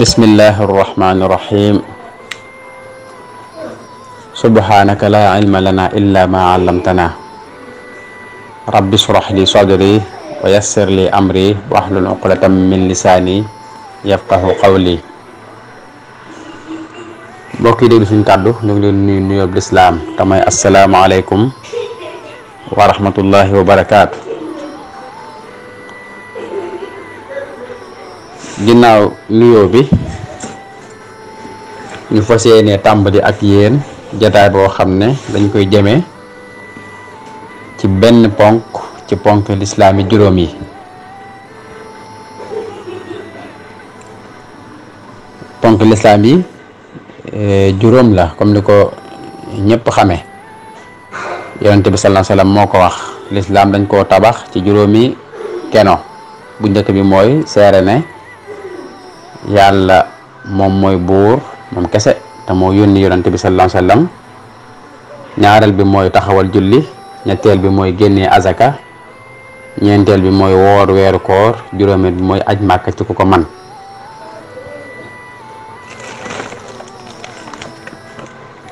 بسم الله الرحمن الرحيم سبحانك لا علم لنا إلا ما علمتنا ربي اشرح لي صدري ويسر لي أمري وحل عقلة من لساني يفقه قولي بوكي دي سن كادو نغلي نيو بالاسلام تماي السلام عليكم ورحمه الله وبركاته ginnaaw nuyoo bi ñu fas yéene tàmbali ak yéen jataay boo xam ne dañ koy jëmee ci benn ponk ci ponk lislaami juróom yi ponk lislaam yi eh, juróom la comme ni ko ñépp xame yonente bi sallallahu alayhi moo ko wax lislaam dañ koo tabax ci juróomi keno bu njëkk bi mooy seere ne Yalla mom moy bour mom kese te mo yoni yaronte bi sallallahu alaihi wasallam ñaaral bi mooy taxawal julli ñettel bi mooy genné azaka ñentel bi mooy wor weeru koor juróomeel bi mooy aj makka ci kuko man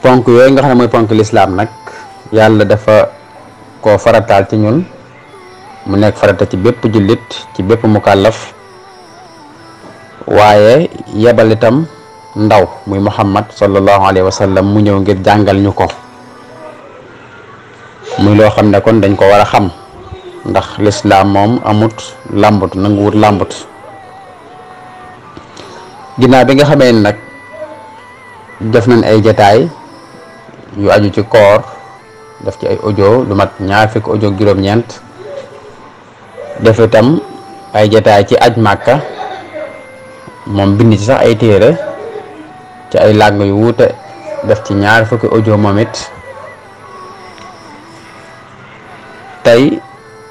ponk yo nga xam moy mooy ponk l'islam nak yalla dafa ko faratal ci ñun mu nek farata ci bépp julit ci mukallaf waaye yebal itam ndaw muy muhammad sallallahu alayhi wa mu ñëw ngir jàngal ñu ko muy loo xam ne kon dañ ko war a xam ndax lislaam moom amut làmbut nanguwut làmbut ginnaaw bi nga xamee ni nag def nañ ay jataay yu aju ci koor def ci ay ojo lu mat ñaar fukki audio juróom-ñeent def ay jataay ci aj màkka moom bind ci sax ay téere ci ay làng yu wute def ci ñaar fukki audio moom tey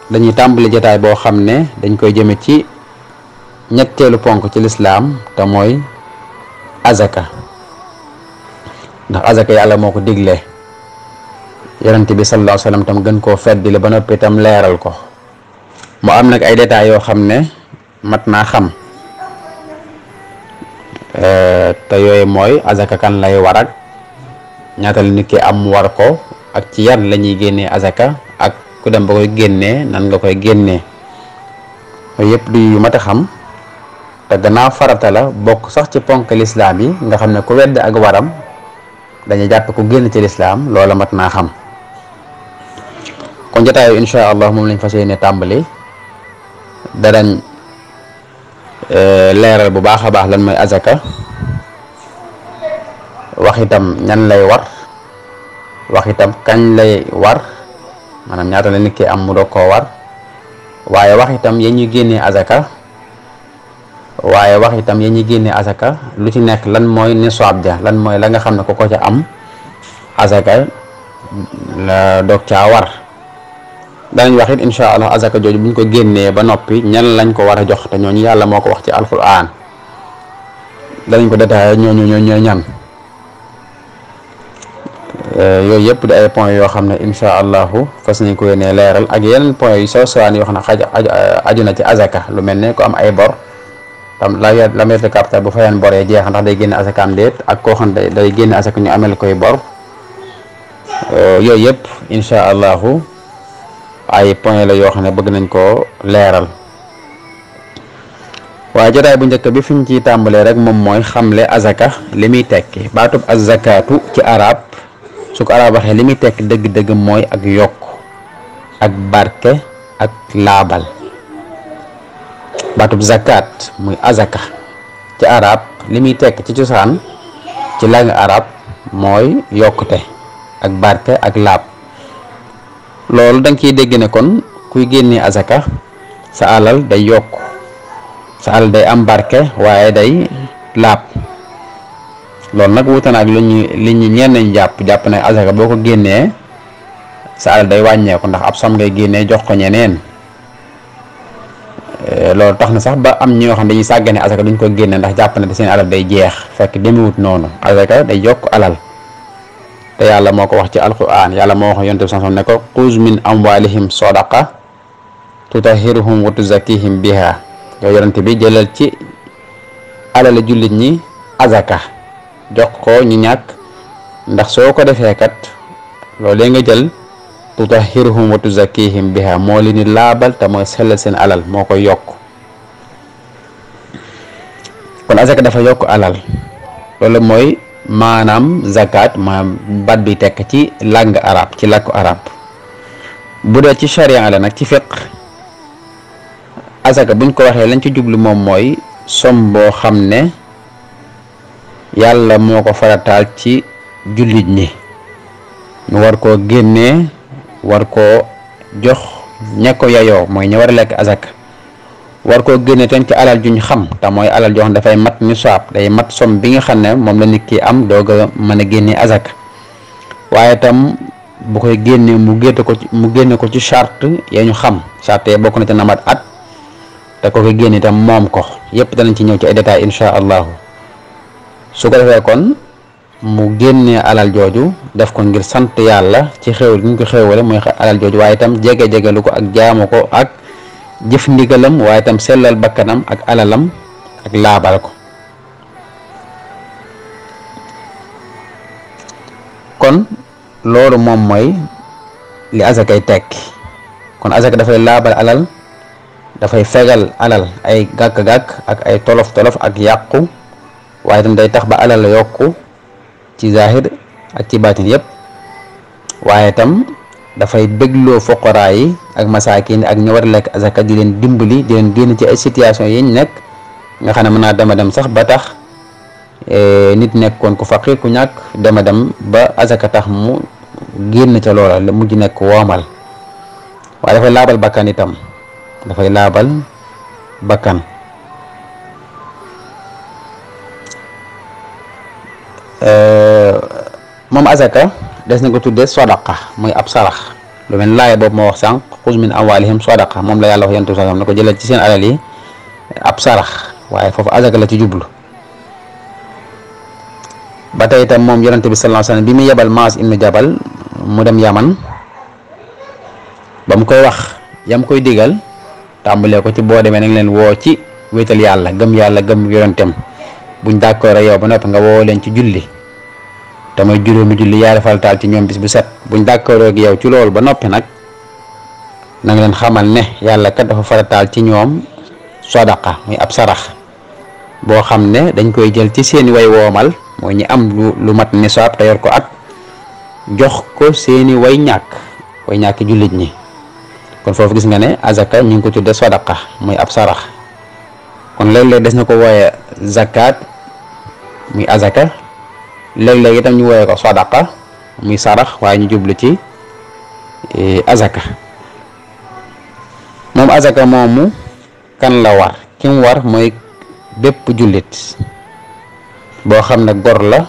dañuy tàmbali jataay boo xam ne dañ koy jëme ci ñetteelu ponk ci lislaam te mooy azaka ndax azaka yàlla moo ko digle yonent bi sallallahu alayhi tam gën koo feddili ba noppi tam leeral ko mu am nag ay détails yoo xam ne mat naa xam te yooyu mooy azaka kan lay war ak ñaata la nit ki am war ko ak ci yan lañuy génnee azaka ak ku dem ba koy génnee nan nga koy génnee yooyu yëpp di yu mat a xam te gannaaw farata la bokk sax ci ponk lislaam yi nga xam ne ku wedd ak waram dañu jàpp ku génn ci lislaam loola mat naa xam kon jotaayu incha allah moom lañ fas yéene tàmbali darañ Euh, leeral bu baax a baax lan mooy azaka waxitam ñan lay war waxitam itam kañ lay war maanaam ñaata la nit ki am mu doog koo war waaye waxitam itam ya ñuy génnee azaka waaye wax itam ya ñuy génnee azaka lu ci nekk lan mooy nisaab ja lan mooy la nga xam ne ku ko ca am azaka la doog caa war dañ wax it insha allah azaka joju buñ ko genné ba nopi ñan lañ ko wara jox te ñoñu yalla moko wax ci alquran dañ ko détaillé ñoñu ñoñu ñooy ñan euh, yoy yëpp di ay point yo xam insha allah allahu fas nañ ko yéenee leeral ak yeneen point yi soo sowaan yoo xam xaj aju ci azaka lu mel ko am ay bor tam la ya, la maitre de capital bu fayaan boré jeex ndax day azaka am déet ak ko xam day génne azaka ñu amel koy bor euh, yoy yep insha allahu ay point la yoo xam ne bëgg nañ koo leeral waaye jotaay bu njëkk bi fi ñu ciy tàmbalee rek moom mooy xamle azaka li muy tekki baatub azakaatu ci arab su ko arab waxee li muy tekki dëgg-dëgg mooy ak yokk ak barke ak laabal baatub zakat muy azaka ci arab li muy tekk ci cosaan ci làng arab mooy yokkute ak barke ak laab loolu danga nga ciy dégg ne kon kuy génnee azaka sa alal day yokk sa alal day am barke waaye day laab loolu nag wuute na ak lu ñu li ñu ñenn ñu jàpp jàpp ne azaka boo ko génnee sa alal wàññeeku ndax ab som ngay génnee jox ko ñeneen eh, loolu tax na sax ba am ñoo xam dañuy sàggane azaka duñ ko génnee ndax jàpp ne seen alal day jeex fekk demewut noonu azaka day yokk alal. te yàlla moo ko wax ci alquran yàlla moo wax yonent bi sansom ne ko xuz min amwalihim sadaqa tutahhiruhum wa tuzakkihim biha yow yonent bi jëlal ci alal jullit ñi azaka jox ko ñu ñàkk ndax soo ko defee kat loolee nga jël tutahhiruhum wa tuzakkihim biha moo li ni laabal te mooy seen alal moo koy yokk kon azaka dafa yokk alal loolu mooy maanaam zakat maanaam bat bi tekk ci langue arabe ci làkku arabe bu dee ci charia la nag ci fiq asaka buñ ko waxee lañ ci jublu moom mooy som boo xam ne yàlla moo ko farataal ci jullit ñi ñu war koo génnee war koo jox ña ko yayoo mooy ña war a lekk asaka war ko génne ten ci alal juñ xam tamooy mooy alal joo xam dafay mat nisaab day mat som bi nga xam ne moom la nit ki am dooga a mën a génne azaka waaye tam bu koy génne mu génne ko ci mu génne ko ci charte ya ñu xam charte ya bokk na te na mat at te ko koy génne tam moom ko yépp danañ ci ñëw ci ay détails insha allahu su ko defee kon mu génnee alal jooju def ko ngir sant yàlla ci xéwal yi ñu ko xéwale muy alal jooju waaye itam jege jege lu ko ak jaamu ko ak jëf ndigalam waaye itam sellal bakkanam ak alalam ak laabal ko kon loolu moom mooy li asakay tekki kon asaka dafay laabal alal dafay fegal alal ay gàkk-gàkk ak ay tolof-tolof ak yàqu waaye tam day tax ba alal yokku ci zahir ak ci baatin yépp waaye itam dafay bégloo foqoraa yi ak masaakin ak ñu war a lekk asaka di leen dimbali di leen génn ci ay situation yi ñu nekk nga xam ne mën naa dema dem sax ba tax eh, nit nekkoon ku faqir ku ñàkk dema dem ba asaka tax mu génn ca loola la mujj nekk woomal waaye dafay laabal bakkan itam dafay laabal bakkan eh, moom asaka des na ko tudde sadaqa moy ab sarax lu mel laay bob mo wax sank khuz min awalihim sadaqa moom la yalla wax yonent sallam nako ko ci seen alal yi ab sarax waye fofu azaka la ci jublu batay tam mom moom bi sallallahu alaihi wasallam bi mi yabal maas in jabal mu dem yaman bam koy wax yam koy digal tambale ko ci bo demee nañ len wo ci wéetal yàlla gëm yàlla gëm yonentam buñ d'accord yow ba noppi nga wo len ci julli te mooy juróomi julli yaari farataal ci ñoom bis bu set buñ d'accord ak yow ci loolu ba noppi nag na leen xamal ne yàlla kat dafa farataal ci ñoom sadaqa muy ab sarax boo xam ne dañ koy jël ci seeni way woomal mooy ñi am lu lu mat nisaab te ko at jox ko seeni way ñàkk way ñàkk jullit ñi kon foofu gis nga ne azaka ñu ngi ko tudde sadaqa muy ab sarax kon léeg des na ko wooye zakat muy azaka léeg-léeg itam ñu woowee ko sadaqa muy sarax waaye ñu jublu ci e, azaka moom azaka moomu kan la war ki war mooy bépp jullit boo xam ne gor la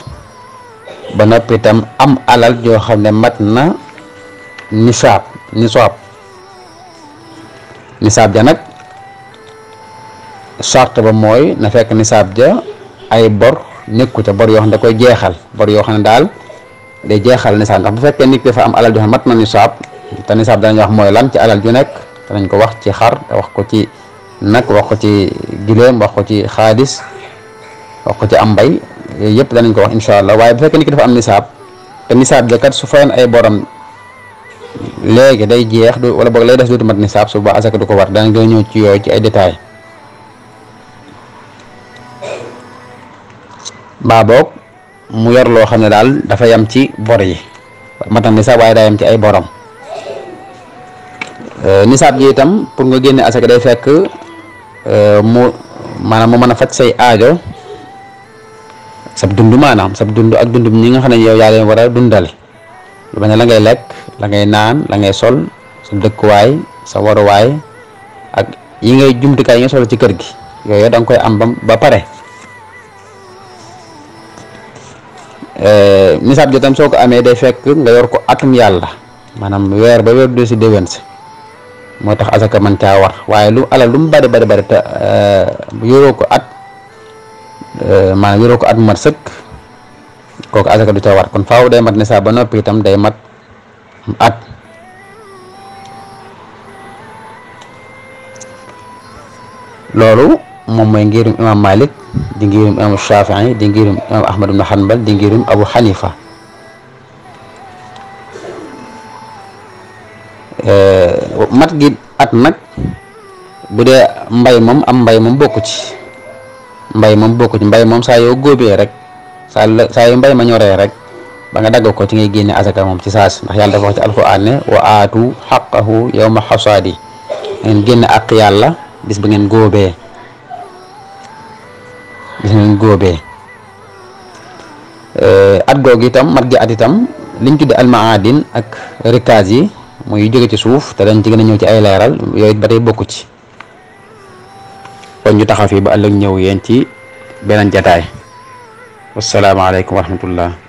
ba noppi itam am alal joo xam ne mat na nisaab nisaab nisaab ja nag sart ba mooy na fekk nisaab ja ay bor ko ca bor yoo xam ne da koy jeexal bor yoo xam ne daal day jeexal nisaab ndax bu fekkee nit dafa am alal joo xam ne mat na nisaab te nisaab danañ wax mooy lan ci alal ju nekk danañ ko wax ci xaar wax ko ci nag wax ko ci gileem wax ko ci xaalis wax ko ci am mbay yooyu yëpp danañ ko wax incha allah waaye bu fekkee nit ki am nisaab te nisaab de kat su fayoon ay boram léegi day jeex wala boog lay des dootu mat nisaab su ba du ko war danañ doon ñëw ci yooyu ci ay détails mbaa boog mu yor loo xam ne daal dafa yam ci bor yi matam ni sax waaye daa ci ay borom euh, nisaab ji pour nga génne asaka day fekk euh, mu maanaam mu mën a faj say aajo sab dund maanaam sab dund ak dund ñi nga xam ne yow yaa leen war a dundale lu ne la ngay lekk la ngay naan la ngay sol sa dëkkuwaay sa waruwaay ak yi ngay jumtukaay yi nga soxla ci kër gi yooyu danga koy am ba pare Eh, misaab jotam soo ko amee day fekk nga yor ko atum yàlla maanaam weer ba weer du si déwén si moo tax asaka man caa war waaye lu alal lu mu bari bari bari eh, yoroo ko at eh, maanaam yoroo ko at mu mat sëkk kooku asaka du ca war kon faaw day mat nisaab ba noppi day mat at loolu mom moy ngirum imam malik di ngirum imam shafii di ngirum imam ahmad ibn hanbal di ngirum abu hanifa eh, mat gi at nak budé mbay mom am mbay mom bokku ci mbay mom bokku ci mbay mom sa yo gobé rek sa sa mbay ma ñoré rek ba nga daggo ko ci ngay génné asaka mom ci saas ndax yalla dafa wax ci alquran ne wa atu haqqahu yawma hasadi ngeen génné ak yalla bis ba ngeen gobé gis nañ góobee eh, at googu itam mat gi at itam liñ tudde almaadin ak rikaas yi muy jóge ci suuf te dañ ci gën ñëw ci ay leeral yooyu ba tey bokku ci kon ñu taxaw fii ba ëllëg ñëw yéen ci beneen jataay wasalaamaaleykum wa rahmatullah